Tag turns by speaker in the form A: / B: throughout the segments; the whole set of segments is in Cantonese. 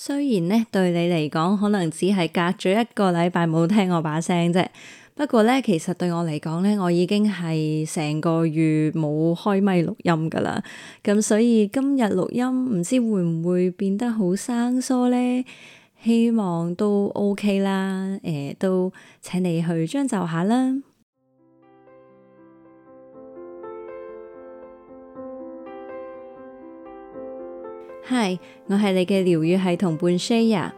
A: 雖然咧對你嚟講，可能只係隔咗一個禮拜冇聽我把聲啫。不過咧，其實對我嚟講咧，我已經係成個月冇開咪錄音噶啦。咁所以今日錄音唔知會唔會變得好生疏咧？希望都 OK 啦。誒，都請你去將就下啦。嗨，我係你嘅療癒系同伴 Shaya，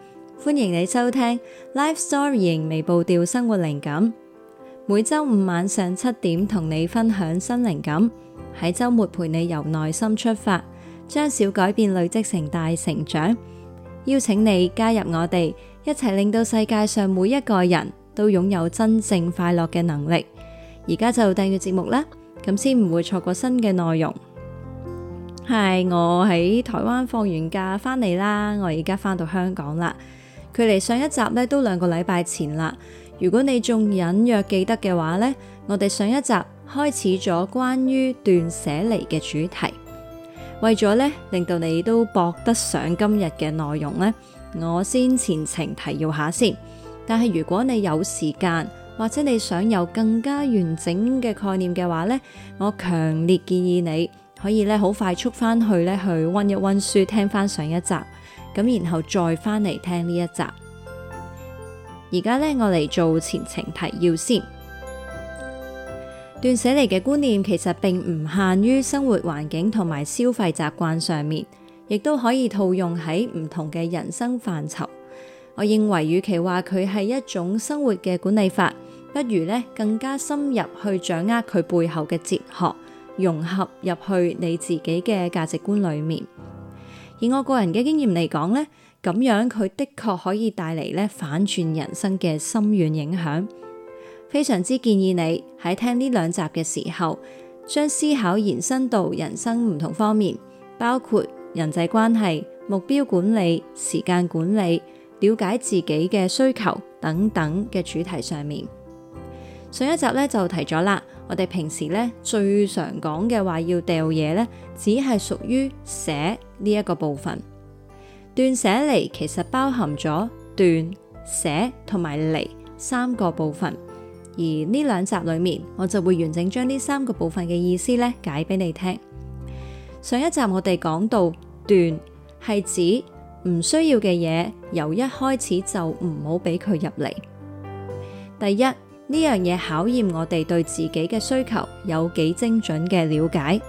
A: 歡迎你收聽 Life Storying 微步調生活靈感，每周五晚上七點同你分享新靈感，喺周末陪你由內心出發，將小改變累積成大成長，邀請你加入我哋一齊令到世界上每一個人都擁有真正快樂嘅能力。而家就訂閱節目啦，咁先唔會錯過新嘅內容。係我喺台灣放完假翻嚟啦，我而家翻到香港啦。距離上一集呢都兩個禮拜前啦。如果你仲隱約記得嘅話呢，我哋上一集開始咗關於斷捨離嘅主題。為咗呢令到你都駁得上今日嘅內容呢，我先前情提要下先。但係如果你有時間或者你想有更加完整嘅概念嘅話呢，我強烈建議你。可以咧好快速翻去咧，去溫一溫書，聽翻上一集，咁然後再翻嚟聽呢一集。而家咧我嚟做前情提要先。斷捨離嘅觀念其實並唔限於生活環境同埋消費習慣上面，亦都可以套用喺唔同嘅人生範疇。我認為與其話佢係一種生活嘅管理法，不如咧更加深入去掌握佢背後嘅哲學。融合入去你自己嘅價值觀裏面，以我個人嘅經驗嚟講咧，咁樣佢的確可以帶嚟咧反轉人生嘅深遠影響。非常之建議你喺聽呢兩集嘅時候，將思考延伸到人生唔同方面，包括人際關係、目標管理、時間管理、了解自己嘅需求等等嘅主題上面。上一集咧就提咗啦。我哋平時咧最常講嘅話要掉嘢咧，只係屬於捨呢一個部分。斷捨離其實包含咗斷、捨同埋離三個部分。而呢兩集裏面，我就會完整將呢三個部分嘅意思咧解俾你聽。上一集我哋講到斷係指唔需要嘅嘢，由一開始就唔好俾佢入嚟。第一。呢樣嘢考驗我哋對自己嘅需求有幾精準嘅了解，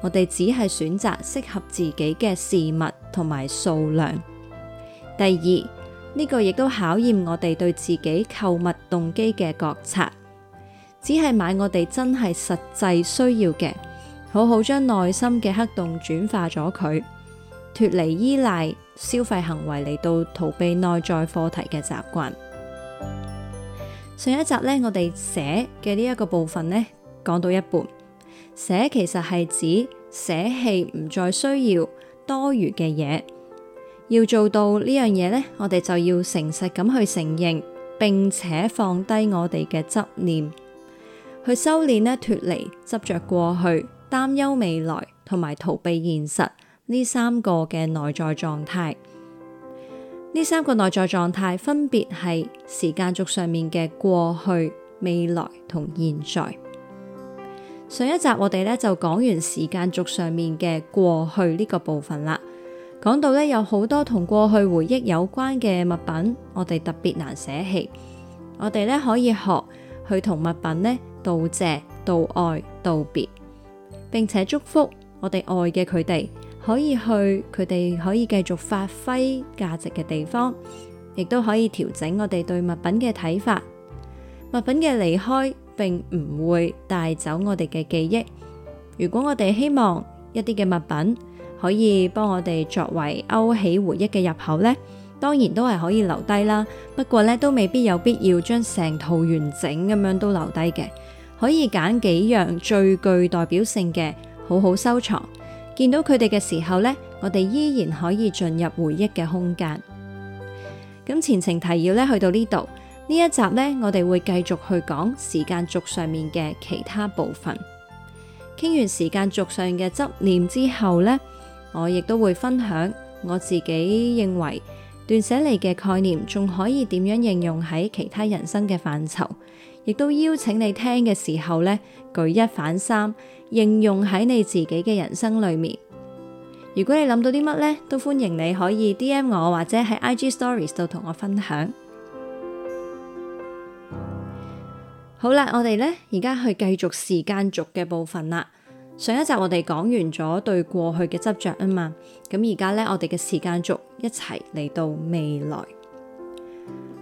A: 我哋只係選擇適合自己嘅事物同埋數量。第二，呢個亦都考驗我哋對自己購物動機嘅覺察，只係買我哋真係實際需要嘅，好好將內心嘅黑洞轉化咗佢，脫離依賴消費行為嚟到逃避內在課題嘅習慣。上一集咧，我哋捨嘅呢一個部分咧，講到一半，捨其實係指捨棄唔再需要多餘嘅嘢。要做到呢樣嘢咧，我哋就要誠實咁去承認，並且放低我哋嘅執念，去修煉咧脫離執着過去、擔憂未來同埋逃避現實呢三個嘅內在狀態。呢三個內在狀態分別係時間軸上面嘅過去、未來同現在。上一集我哋咧就講完時間軸上面嘅過去呢個部分啦，講到咧有好多同過去回憶有關嘅物品，我哋特別難捨棄。我哋咧可以學去同物品呢道謝、道愛、道別，並且祝福我哋愛嘅佢哋可以去佢哋可以繼續發揮價值嘅地方，亦都可以調整我哋對物品嘅睇法。物品嘅離開，並唔會帶走我哋嘅記憶。如果我哋希望一啲嘅物品可以幫我哋作為勾起回憶嘅入口呢，當然都係可以留低啦。不過呢，都未必有必要將成套完整咁樣都留低嘅，可以揀幾樣最具代表性嘅，好好收藏。見到佢哋嘅時候呢，我哋依然可以進入回憶嘅空間。咁前情提要呢，去到呢度，呢一集呢，我哋會繼續去講時間軸上面嘅其他部分。傾完時間軸上嘅執念之後呢，我亦都會分享我自己認為斷捨離嘅概念，仲可以點樣應用喺其他人生嘅範疇。亦都邀請你聽嘅時候呢，舉一反三，應用喺你自己嘅人生裏面。如果你諗到啲乜呢，都歡迎你可以 DM 我或者喺 IG Stories 度同我分享。 好啦，我哋呢而家去繼續時間軸嘅部分啦。上一集我哋講完咗對過去嘅執着啊嘛，咁而家呢，我哋嘅時間軸一齊嚟到未來。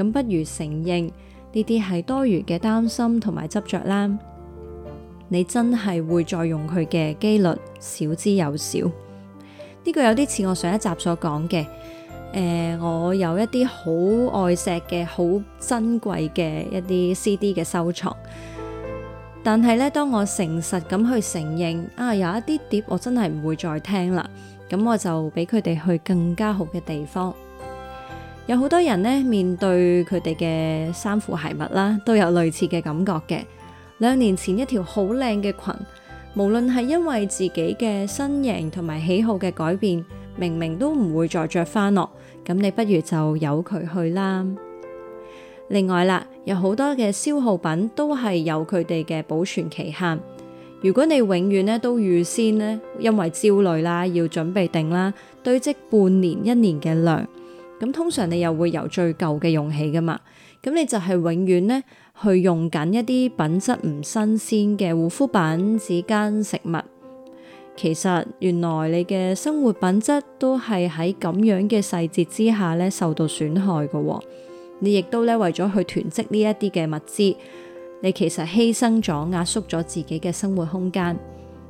A: 咁不如承認呢啲係多餘嘅擔心同埋執着啦。你真係會再用佢嘅幾率少之又少。呢、這個有啲似我上一集所講嘅。誒、呃，我有一啲好愛錫嘅、好珍貴嘅一啲 CD 嘅收藏。但係咧，當我誠實咁去承認啊，有一啲碟我真係唔會再聽啦。咁我就俾佢哋去更加好嘅地方。有好多人咧，面對佢哋嘅衫褲鞋襪啦，都有類似嘅感覺嘅。兩年前一條好靚嘅裙，無論係因為自己嘅身形同埋喜好嘅改變，明明都唔會再着翻落，咁你不如就由佢去啦。另外啦，有好多嘅消耗品都係有佢哋嘅保存期限。如果你永遠咧都預先呢，因為焦慮啦，要準備定啦，堆積半年一年嘅量。咁通常你又會由最舊嘅用起噶嘛？咁你就係永遠呢，去用緊一啲品質唔新鮮嘅護膚品、紙巾、食物。其實原來你嘅生活品質都係喺咁樣嘅細節之下呢，受到損害噶喎。你亦都呢，為咗去囤積呢一啲嘅物資，你其實犧牲咗、壓縮咗自己嘅生活空間。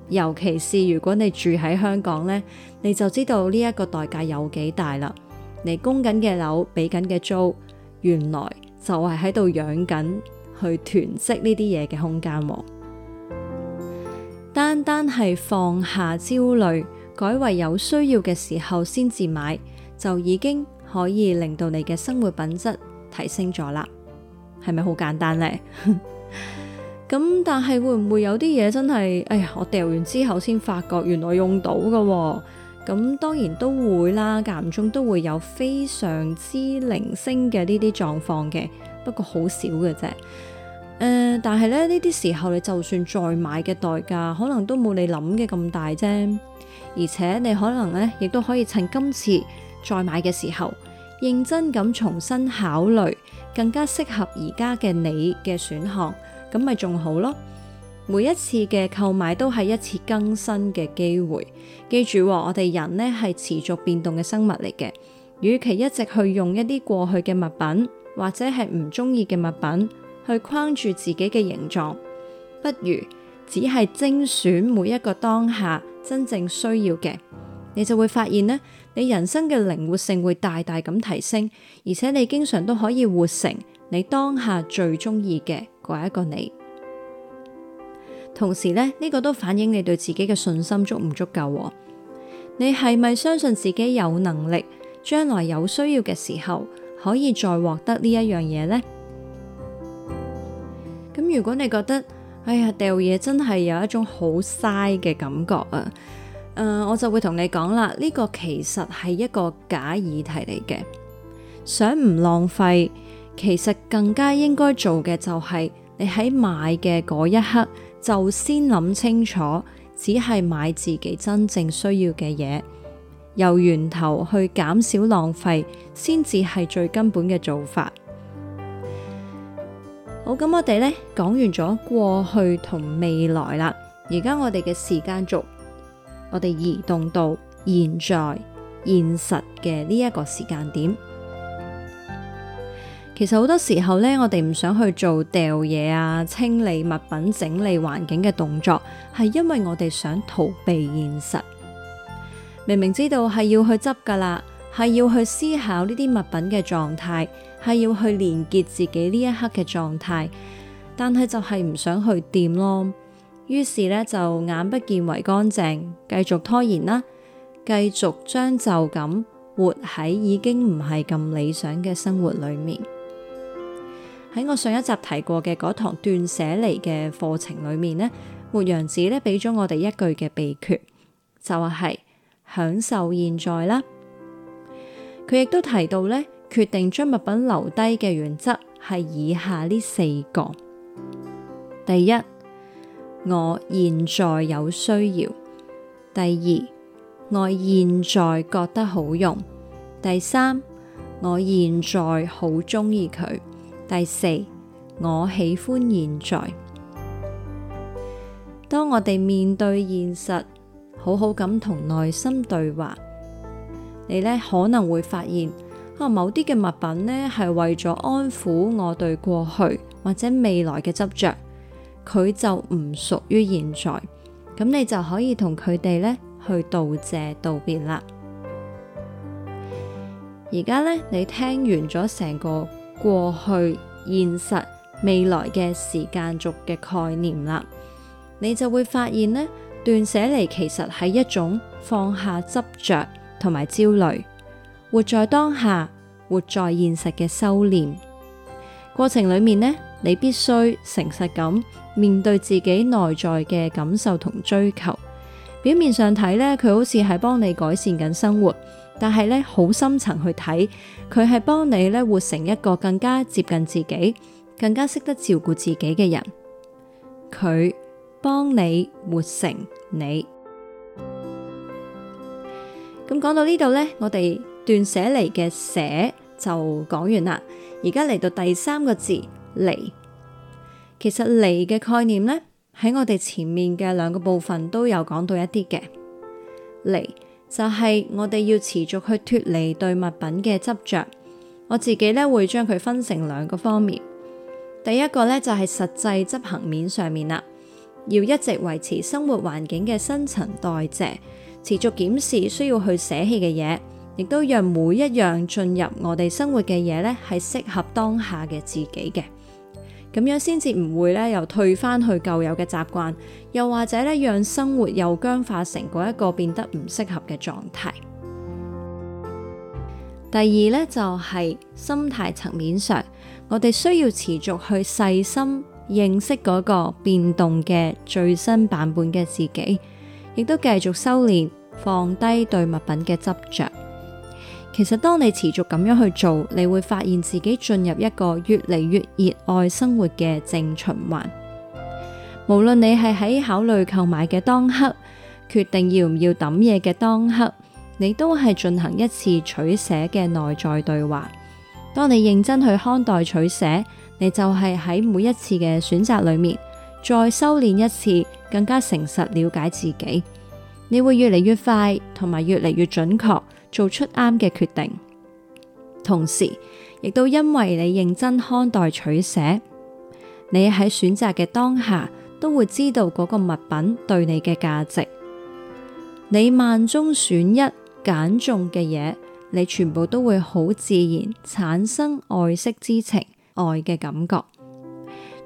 A: 尤其是如果你住喺香港呢，你就知道呢一個代價有幾大啦。你供緊嘅樓，俾緊嘅租，原來就係喺度養緊去囤積呢啲嘢嘅空間喎。單單係放下焦慮，改為有需要嘅時候先至買，就已經可以令到你嘅生活品質提升咗啦。係咪好簡單呢？咁 但係會唔會有啲嘢真係，哎呀，我掉完之後先發覺原來用到㗎喎。咁當然都會啦，間唔中都會有非常之零星嘅呢啲狀況嘅，不過好少嘅啫。誒、呃，但係咧呢啲時候，你就算再買嘅代價，可能都冇你諗嘅咁大啫。而且你可能咧，亦都可以趁今次再買嘅時候，認真咁重新考慮更加適合而家嘅你嘅選項，咁咪仲好咯。每一次嘅購買都係一次更新嘅機會，記住喎，我哋人呢係持續變動嘅生物嚟嘅。與其一直去用一啲過去嘅物品或者係唔中意嘅物品去框住自己嘅形狀，不如只係精選每一個當下真正需要嘅，你就會發現呢，你人生嘅靈活性會大大咁提升，而且你經常都可以活成你當下最中意嘅嗰一個你。同時咧，呢個都反映你對自己嘅信心足唔足夠啊？你係咪相信自己有能力將來有需要嘅時候可以再獲得呢一樣嘢呢？咁如果你覺得哎呀，掉嘢，真係有一種好嘥嘅感覺啊，誒、呃，我就會同你講啦，呢個其實係一個假議題嚟嘅。想唔浪費，其實更加應該做嘅就係你喺買嘅嗰一刻。就先諗清楚，只係買自己真正需要嘅嘢，由源頭去減少浪費，先至係最根本嘅做法。好，咁我哋呢講完咗過去同未來啦，而家我哋嘅時間軸，我哋移動到現在現實嘅呢一個時間點。其實好多時候咧，我哋唔想去做掉嘢啊，清理物品、整理環境嘅動作，係因為我哋想逃避現實。明明知道係要去執噶啦，係要去思考呢啲物品嘅狀態，係要去連結自己呢一刻嘅狀態，但係就係唔想去掂咯。於是呢，就眼不見為乾淨，繼續拖延啦，繼續將就咁活喺已經唔係咁理想嘅生活裏面。喺我上一集提過嘅嗰堂斷捨離嘅課程裏面呢，末陽子咧俾咗我哋一句嘅秘訣，就係、是、享受現在啦。佢亦都提到呢，決定將物品留低嘅原則係以下呢四個：第一，我現在有需要；第二，我現在覺得好用；第三，我現在好中意佢。第四，我喜歡現在。當我哋面對現實，好好咁同內心對話，你呢可能會發現，啊，某啲嘅物品呢係為咗安撫我對過去或者未來嘅執着，佢就唔屬於現在。咁你就可以同佢哋呢去道謝道別啦。而家呢，你聽完咗成個。過去、現實、未來嘅時間軸嘅概念啦，你就會發現呢，斷捨離其實係一種放下執着同埋焦慮，活在當下、活在現實嘅修煉過程裏面呢，你必須誠實咁面對自己內在嘅感受同追求。表面上睇咧，佢好似係幫你改善緊生活。但係咧，好深層去睇，佢係幫你咧活成一個更加接近自己、更加識得照顧自己嘅人。佢幫你活成你。咁講到呢度咧，我哋斷捨離嘅捨就講完啦。而家嚟到第三個字離。其實離嘅概念呢，喺我哋前面嘅兩個部分都有講到一啲嘅離。就係我哋要持續去脫離對物品嘅執着，我自己咧會將佢分成兩個方面。第一個咧就係實際執行面上面啦，要一直維持生活環境嘅新陳代謝，持續檢視需要去捨棄嘅嘢，亦都讓每一樣進入我哋生活嘅嘢咧係適合當下嘅自己嘅。咁樣先至唔會咧，又退翻去舊有嘅習慣，又或者咧，讓生活又僵化成嗰一個變得唔適合嘅狀態。第二咧就係心態層面上，我哋需要持續去細心認識嗰個變動嘅最新版本嘅自己，亦都繼續修煉，放低對物品嘅執着。其實當你持續咁樣去做，你會發現自己進入一個越嚟越熱愛生活嘅正循環。無論你係喺考慮購買嘅當刻，決定要唔要抌嘢嘅當刻，你都係進行一次取捨嘅內在對話。當你認真去看待取捨，你就係喺每一次嘅選擇裏面再修煉一次，更加誠實了解自己。你會越嚟越快，同埋越嚟越準確。做出啱嘅決定，同時亦都因為你認真看待取捨，你喺選擇嘅當下都會知道嗰個物品對你嘅價值。你萬中選一揀中嘅嘢，你全部都會好自然產生愛惜之情、愛嘅感覺。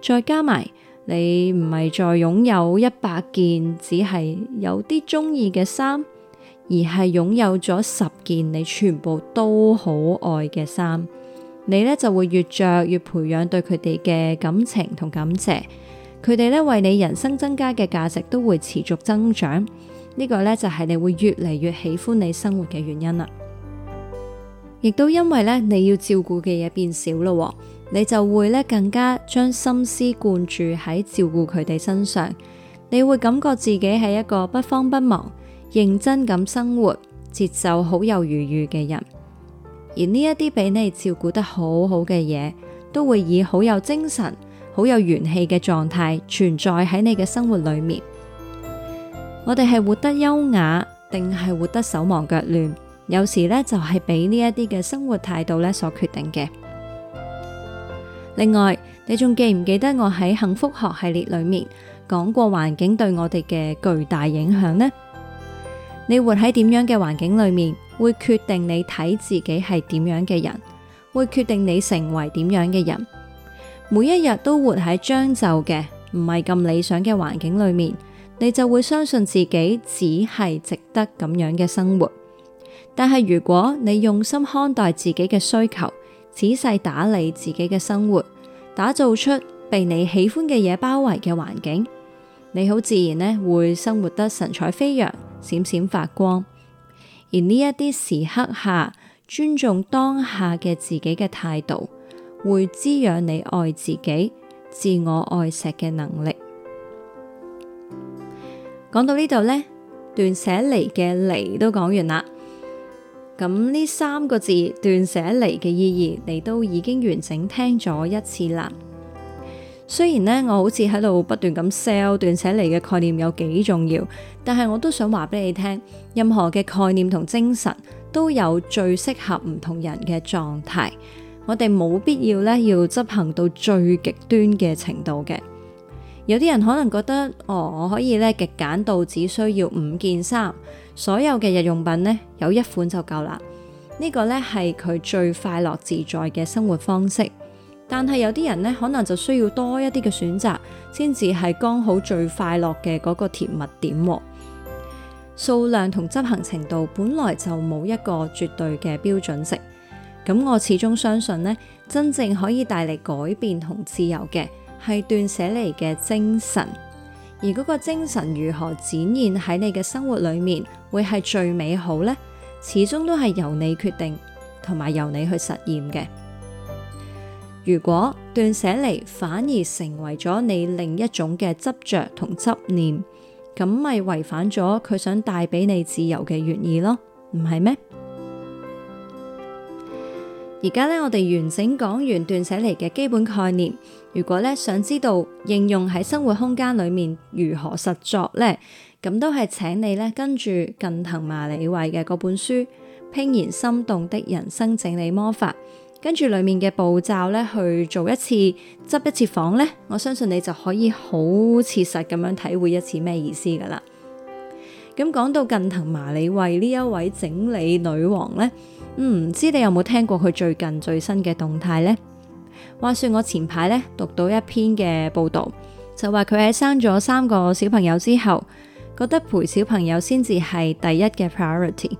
A: 再加埋你唔係再擁有一百件，只係有啲中意嘅衫。而係擁有咗十件你全部都好愛，嘅衫，你呢，就會越着越培養對佢哋嘅感情同感謝，佢哋呢，為你人生增加嘅價值都會持續增長。呢個呢，就係你會越嚟越喜歡你生活嘅原因啦。亦都因為呢，你要照顧嘅嘢變少咯,你就會呢，更加將心思灌注喺照顧佢哋身上,你會感覺自己係一個不慌不忙，認真咁生活，節奏好有餘裕嘅人，而呢一啲俾你照顧得好好嘅嘢，都會以好有精神、好有元氣嘅狀態存在喺你嘅生活裏面。我哋係活得優雅，定係活得手忙腳亂？有時呢，就係俾呢一啲嘅生活態度呢所決定嘅。另外，你仲記唔記得我喺幸福學系列裏面講過環境對我哋嘅巨大影響呢？你活喺點樣嘅環境裏面，會決定你睇自己係點樣嘅人，會決定你成為點樣嘅人。每一日都活喺將就嘅，唔係咁理想嘅環境裏面，你就會相信自己只係值得咁樣嘅生活。但係如果你用心看待自己嘅需求，仔細打理自己嘅生活，打造出被你喜歡嘅嘢包圍嘅環境。你好自然咧，會生活得神采飛揚、閃閃發光。而呢一啲時刻下，尊重當下嘅自己嘅態度，會滋養你愛自己、自我愛錫嘅能力。講到呢度呢，斷捨離嘅離都講完啦。咁呢三個字，斷捨離嘅意義，你都已經完整聽咗一次啦。雖然咧，我好似喺度不斷咁 sell 斷捨離嘅概念有幾重要，但係我都想話俾你聽，任何嘅概念同精神都有最適合唔同人嘅狀態。我哋冇必要咧要執行到最極端嘅程度嘅。有啲人可能覺得哦，我可以咧極簡到只需要五件衫，所有嘅日用品咧有一款就夠啦。呢個咧係佢最快樂自在嘅生活方式。但係有啲人呢，可能就需要多一啲嘅選擇，先至係剛好最快樂嘅嗰個甜蜜點。數量同執行程度本來就冇一個絕對嘅標準值。咁我始終相信呢，真正可以帶嚟改變同自由嘅係斷捨離嘅精神，而嗰個精神如何展現喺你嘅生活裏面，會係最美好呢？始終都係由你決定，同埋由你去實驗嘅。如果斷捨離反而成為咗你另一種嘅執着同執念，咁咪違反咗佢想帶俾你自由嘅原意咯，唔係咩？而家咧，我哋完整講完斷捨離嘅基本概念。如果咧，想知道應用喺生活空間裏面如何實作呢，咁都係請你咧跟住近藤麻理惠嘅嗰本書《怦 然心動的人生整理魔法》。跟住裏面嘅步驟咧，去做一次執一次房咧，我相信你就可以好切實咁樣體會一次咩意思噶啦。咁講到近藤麻理惠呢一位整理女王咧，嗯，唔知你有冇聽過佢最近最新嘅動態呢？話說我前排咧讀到一篇嘅報導，就話佢喺生咗三個小朋友之後，覺得陪小朋友先至係第一嘅 priority。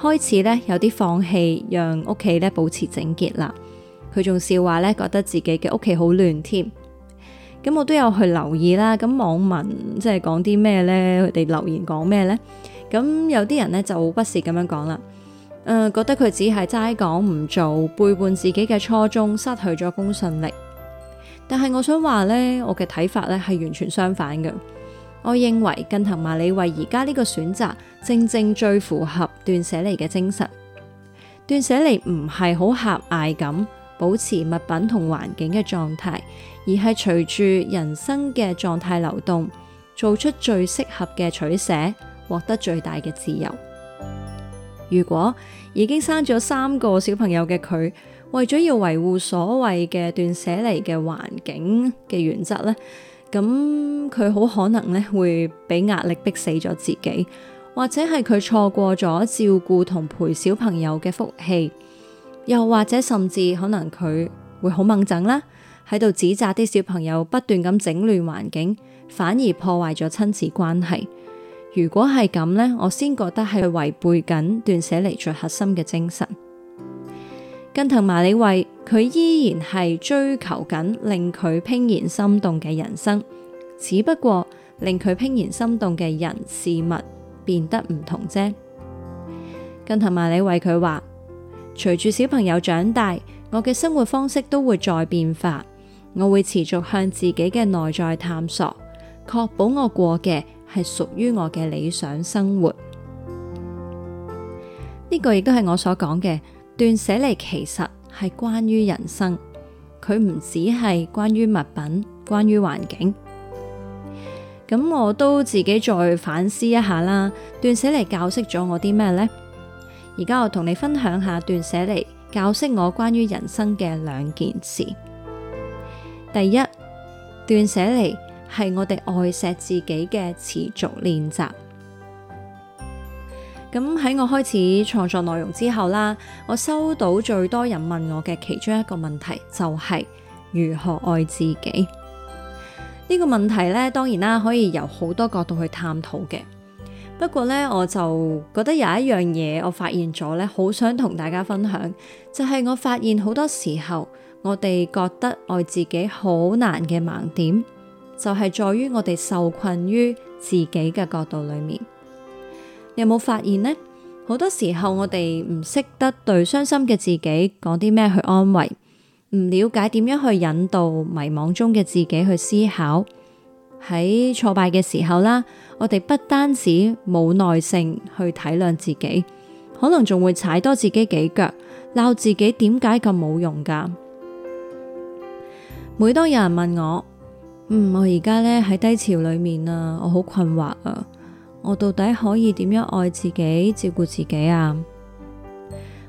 A: 開始咧有啲放棄，讓屋企咧保持整潔啦。佢仲笑話咧，覺得自己嘅屋企好亂添。咁我都有去留意啦。咁網民即係講啲咩咧？佢哋留言講咩咧？咁有啲人咧就不屑咁樣講啦。誒、呃，覺得佢只係齋講唔做，背叛自己嘅初衷，失去咗公信力。但係我想話咧，我嘅睇法咧係完全相反嘅。我認為近藤麻理惠而家呢個選擇，正正最符合斷捨離嘅精神。斷捨離唔係好狹隘咁保持物品同環境嘅狀態，而係隨住人生嘅狀態流動，做出最適合嘅取捨，獲得最大嘅自由。如果已經生咗三個小朋友嘅佢，為咗要維護所謂嘅斷捨離嘅環境嘅原則咧？咁佢好可能咧會俾壓力逼死咗自己，或者係佢錯過咗照顧同陪小朋友嘅福氣，又或者甚至可能佢會好掹憎啦，喺度指責啲小朋友不斷咁整亂環境，反而破壞咗親子關係。如果係咁呢，我先覺得係違背緊斷捨離最核心嘅精神。近藤麻理惠，佢依然係追求緊令佢怦然心動嘅人生，只不過令佢怦然心動嘅人事物變得唔同啫。近藤麻理惠佢話：隨住小朋友長大，我嘅生活方式都會再變化，我會持續向自己嘅內在探索，確保我過嘅係屬於我嘅理想生活。呢、這個亦都係我所講嘅。斷捨離其實係關於人生，佢唔只係關於物品，關於環境。咁我都自己再反思一下啦。斷捨離教識咗我啲咩呢？而家我同你分享下斷捨離教識我關於人生嘅兩件事。第一，斷捨離係我哋愛錫自己嘅持續練習。咁喺我開始創作內容之後啦，我收到最多人問我嘅其中一個問題就係如何愛自己呢個問題咧。當然啦，可以由好多角度去探討嘅。不過咧，我就覺得有一樣嘢，我發現咗咧，好想同大家分享，就係我發現好多時候我哋覺得愛自己好難嘅盲點，就係在於我哋受困於自己嘅角度裏面。有冇發現呢？好多時候我哋唔識得對傷心嘅自己講啲咩去安慰，唔了解點樣去引導迷惘中嘅自己去思考。喺挫敗嘅時候啦，我哋不單止冇耐性去體諒自己，可能仲會踩多自己幾腳，鬧自己點解咁冇用㗎。每當有人問我，嗯，我而家咧喺低潮裏面啊，我好困惑啊。我到底可以點樣愛自己、照顧自己啊？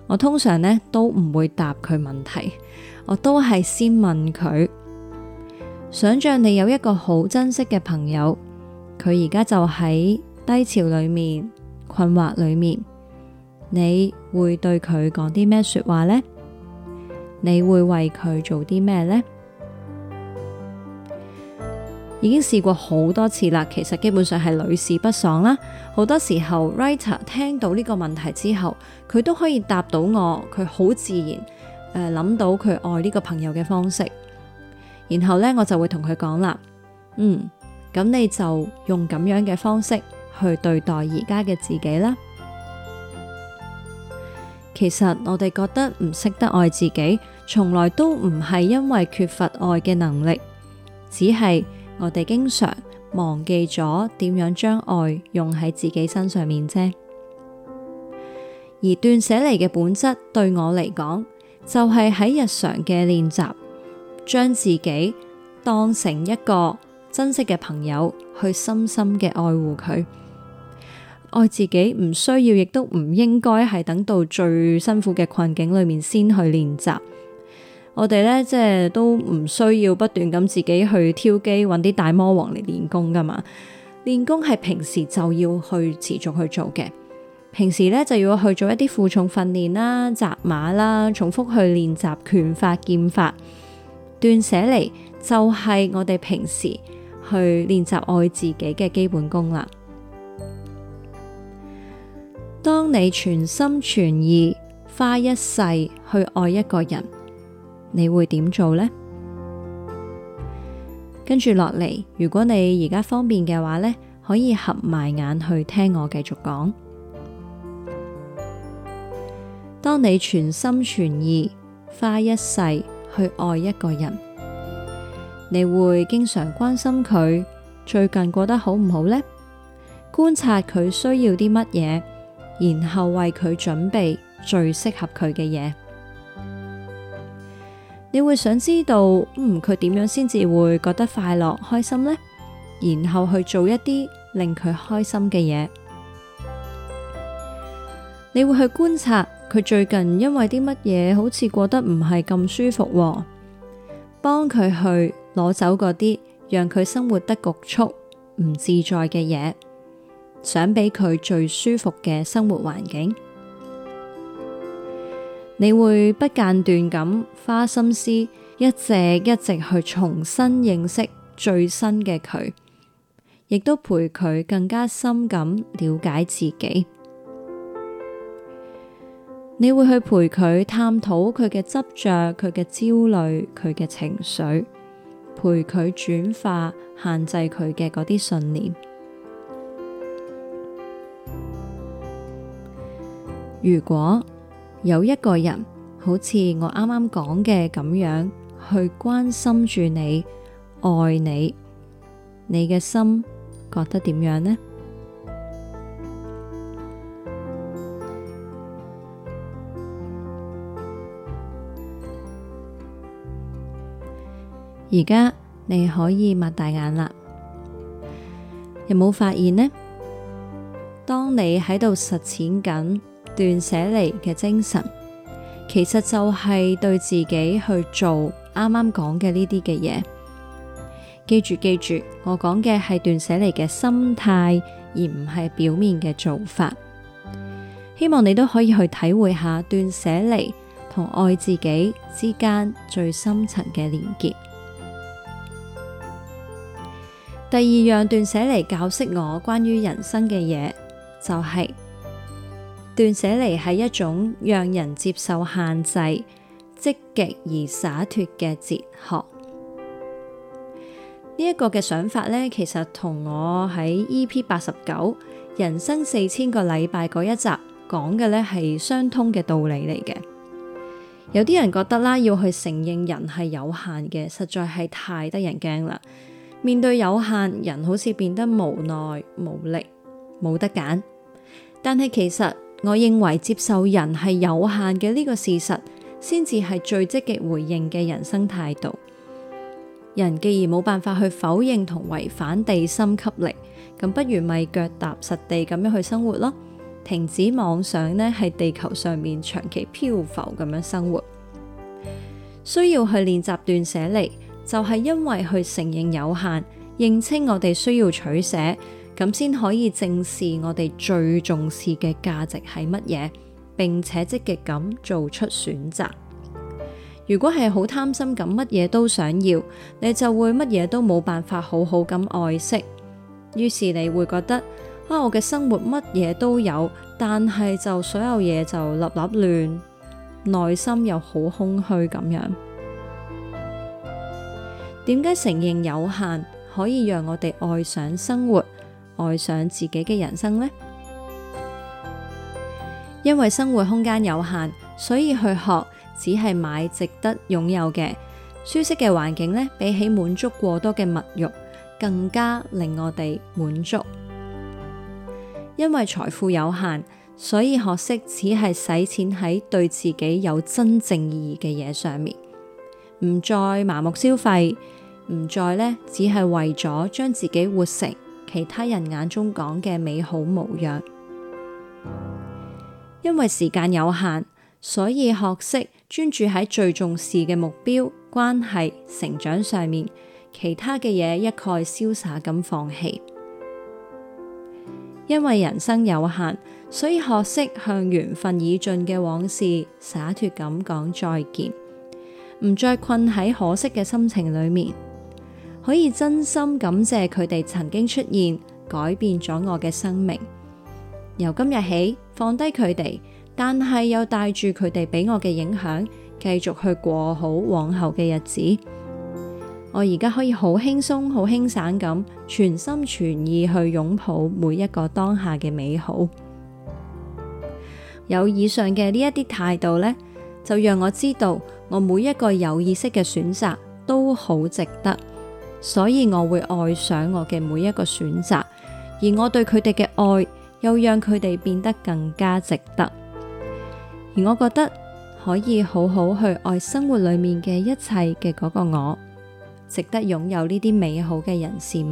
A: 我通常呢都唔會答佢問題，我都係先問佢。想象你有一個好珍惜嘅朋友，佢而家就喺低潮裏面、困惑裏面，你會對佢講啲咩說話呢？你會為佢做啲咩呢？已經試過好多次啦，其實基本上係屢試不爽啦。好多時候，writer 聽到呢個問題之後，佢都可以答到我，佢好自然誒、呃、諗到佢愛呢個朋友嘅方式。然後呢，我就會同佢講啦，嗯，咁你就用咁樣嘅方式去對待而家嘅自己啦。其實我哋覺得唔識得愛自己，從來都唔係因為缺乏愛嘅能力，只係，我哋經常忘記咗點樣將愛用喺自己身上面啫。而斷捨離嘅本質對我嚟講，就係喺日常嘅練習，將自己當成一個珍惜嘅朋友，去深深嘅愛護佢。愛自己唔需要，亦都唔應該係等到最辛苦嘅困境裏面先去練習。我哋呢，即係都唔需要不斷咁自己去挑機，搵啲大魔王嚟練功噶嘛。練功係平時就要去持續去做嘅。平時呢就要去做一啲負重訓練啦、扎馬啦，重複去練習拳法、劍法、斷捨離，就係、是、我哋平時去練習愛自己嘅基本功啦。當你全心全意花一世去愛一個人，你會點做呢？跟住落嚟，如果你而家方便嘅話呢，可以合埋眼去聽我繼續講。當你全心全意花一世去愛一個人，你會經常關心佢最近過得好唔好呢？觀察佢需要啲乜嘢，然後為佢準備最適合佢嘅嘢。你會想知道，嗯，佢點樣先至會覺得快樂開心呢？然後去做一啲令佢開心嘅嘢。你會去觀察佢最近因為啲乜嘢好似過得唔係咁舒服喎，幫佢去攞走嗰啲讓佢生活得局促唔自在嘅嘢，想俾佢最舒服嘅生活環境。你會不間斷咁花心思，一直一直去重新認識最新嘅佢，亦都陪佢更加深咁了解自己。你會去陪佢探討佢嘅執着、佢嘅焦慮、佢嘅情緒，陪佢轉化限制佢嘅嗰啲信念。如果有一個人，好似我啱啱講嘅咁樣，去關心住你，愛你，你嘅心覺得點樣呢？而家你可以擘大眼啦，有冇發現呢？當你喺度實踐緊。斷捨離嘅精神，其實就係對自己去做啱啱講嘅呢啲嘅嘢。記住記住，我講嘅係斷捨離嘅心態，而唔係表面嘅做法。希望你都可以去體會下斷捨離同愛自己之間最深層嘅連結。第二樣斷捨離教識我關於人生嘅嘢，就係。斷捨離係一種讓人接受限制、積極而灑脫嘅哲學。呢、這、一個嘅想法呢，其實同我喺 E P 八十九《人生四千個禮拜》嗰一集講嘅呢係相通嘅道理嚟嘅。有啲人覺得啦，要去承認人係有限嘅，實在係太得人驚啦。面對有限，人好似變得無奈、無力、冇得揀。但係其實，我認為接受人係有限嘅呢個事實，先至係最積極回應嘅人生態度。人既然冇辦法去否認同違反地心吸力，咁不如咪腳踏實地咁樣去生活咯。停止妄想呢喺地球上面長期漂浮咁樣生活，需要去練習斷捨離，就係因為去承認有限，認清我哋需要取捨。咁先可以正視我哋最重視嘅價值係乜嘢，並且積極咁做出選擇。如果係好貪心咁，乜嘢都想要，你就會乜嘢都冇辦法好好咁愛惜。於是你會覺得啊，我嘅生活乜嘢都有，但係就所有嘢就立立亂，內心又好空虛咁樣。點解承認有限可以讓我哋愛上生活？愛上自己嘅人生呢？因為生活空間有限，所以去學只係買值得擁有嘅舒適嘅環境呢，比起滿足過多嘅物慾，更加令我哋滿足。因為財富有限，所以學識只係使錢喺對自己有真正意義嘅嘢上面，唔再盲目消費，唔再呢，只係為咗將自己活成。其他人眼中講嘅美好模樣，因為時間有限，所以學識專注喺最重視嘅目標、關係、成長上面，其他嘅嘢一概瀟灑咁放棄。因為人生有限，所以學識向緣份已盡嘅往事灑脫咁講再見，唔再困喺可惜嘅心情裏面。可以真心感謝佢哋曾經出現，改變咗我嘅生命。由今日起放低佢哋，但係又帶住佢哋俾我嘅影響，繼續去過好往後嘅日子。我而家可以好輕鬆、好輕省咁，全心全意去擁抱每一個當下嘅美好。有以上嘅呢一啲態度呢，就讓我知道我每一個有意識嘅選擇都好值得。所以我會愛上我嘅每一個選擇，而我對佢哋嘅愛又讓佢哋變得更加值得。而我覺得可以好好去愛生活裏面嘅一切嘅嗰個我，值得擁有呢啲美好嘅人事物。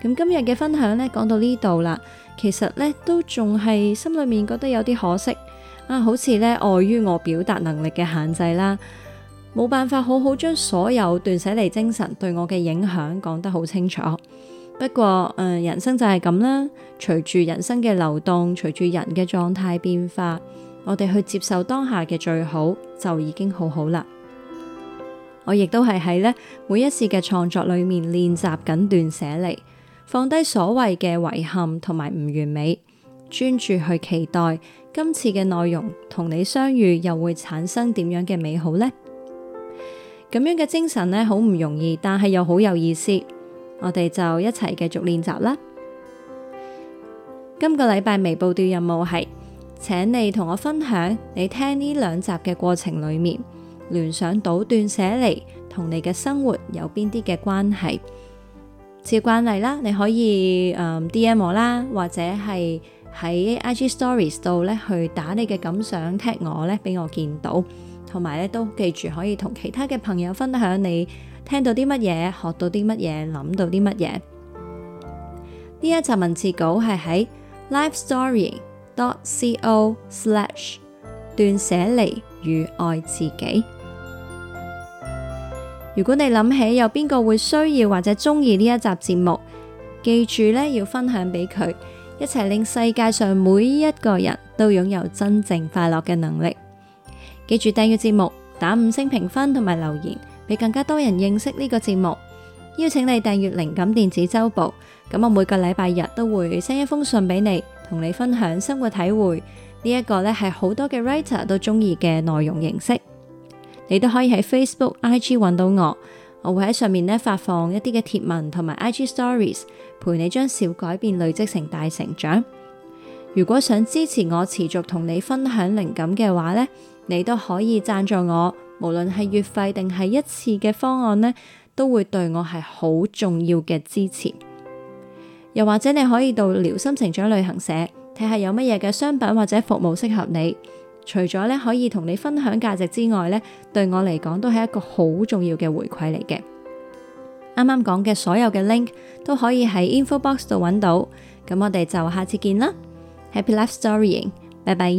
A: 咁今日嘅分享呢，講到呢度啦，其實呢，都仲係心裏面覺得有啲可惜啊，好似呢，礙於我表達能力嘅限制啦。冇辦法好好將所有斷捨離精神對我嘅影響講得好清楚。不過，誒、嗯，人生就係咁啦，隨住人生嘅流動，隨住人嘅狀態變化，我哋去接受當下嘅最好就已經好好啦。我亦都係喺呢每一次嘅創作裏面練習緊斷捨離，放低所謂嘅遺憾同埋唔完美，專注去期待今次嘅內容同你相遇又會產生點樣嘅美好呢？咁樣嘅精神咧，好唔容易，但係又好有意思。我哋就一齊繼續練習啦。今個禮拜微報到任務係，請你同我分享你聽呢兩集嘅過程裏面，聯想到斷捨離同你嘅生活有邊啲嘅關係。照慣例啦，你可以誒 D M 我啦，或者係喺 I G Stories 度咧，去打你嘅感想 Tag 我咧，俾我見到。同埋咧，都記住可以同其他嘅朋友分享你聽到啲乜嘢，學到啲乜嘢，諗到啲乜嘢。呢一集文字稿係喺 lifestorying.co slash 斷捨離與愛自己。如果你諗起有邊個會需要或者中意呢一集節目，記住呢要分享俾佢，一齊令世界上每一個人都擁有真正快樂嘅能力。記住訂閱節目，打五星評分同埋留言，俾更加多人認識呢個節目。邀請你訂閱靈感電子週報，咁我每個禮拜日都會 send 一封信俾你，同你分享生活體會。呢一個呢係好多嘅 writer 都中意嘅內容形式。你都可以喺 Facebook、IG 搵到我，我會喺上面呢發放一啲嘅貼文同埋 IG Stories，陪你將小改變累積成大成長。如果想支持我持續同你分享靈感嘅話呢，你都可以贊助我，無論係月費定係一次嘅方案咧，都會對我係好重要嘅支持。又或者你可以到療心成長旅行社睇下有乜嘢嘅商品或者服務適合你。除咗咧可以同你分享價值之外咧，對我嚟講都係一個好重要嘅回饋嚟嘅。啱啱講嘅所有嘅 link 都可以喺 info box 度揾到。咁我哋就下次見啦，Happy Life Storying，拜拜。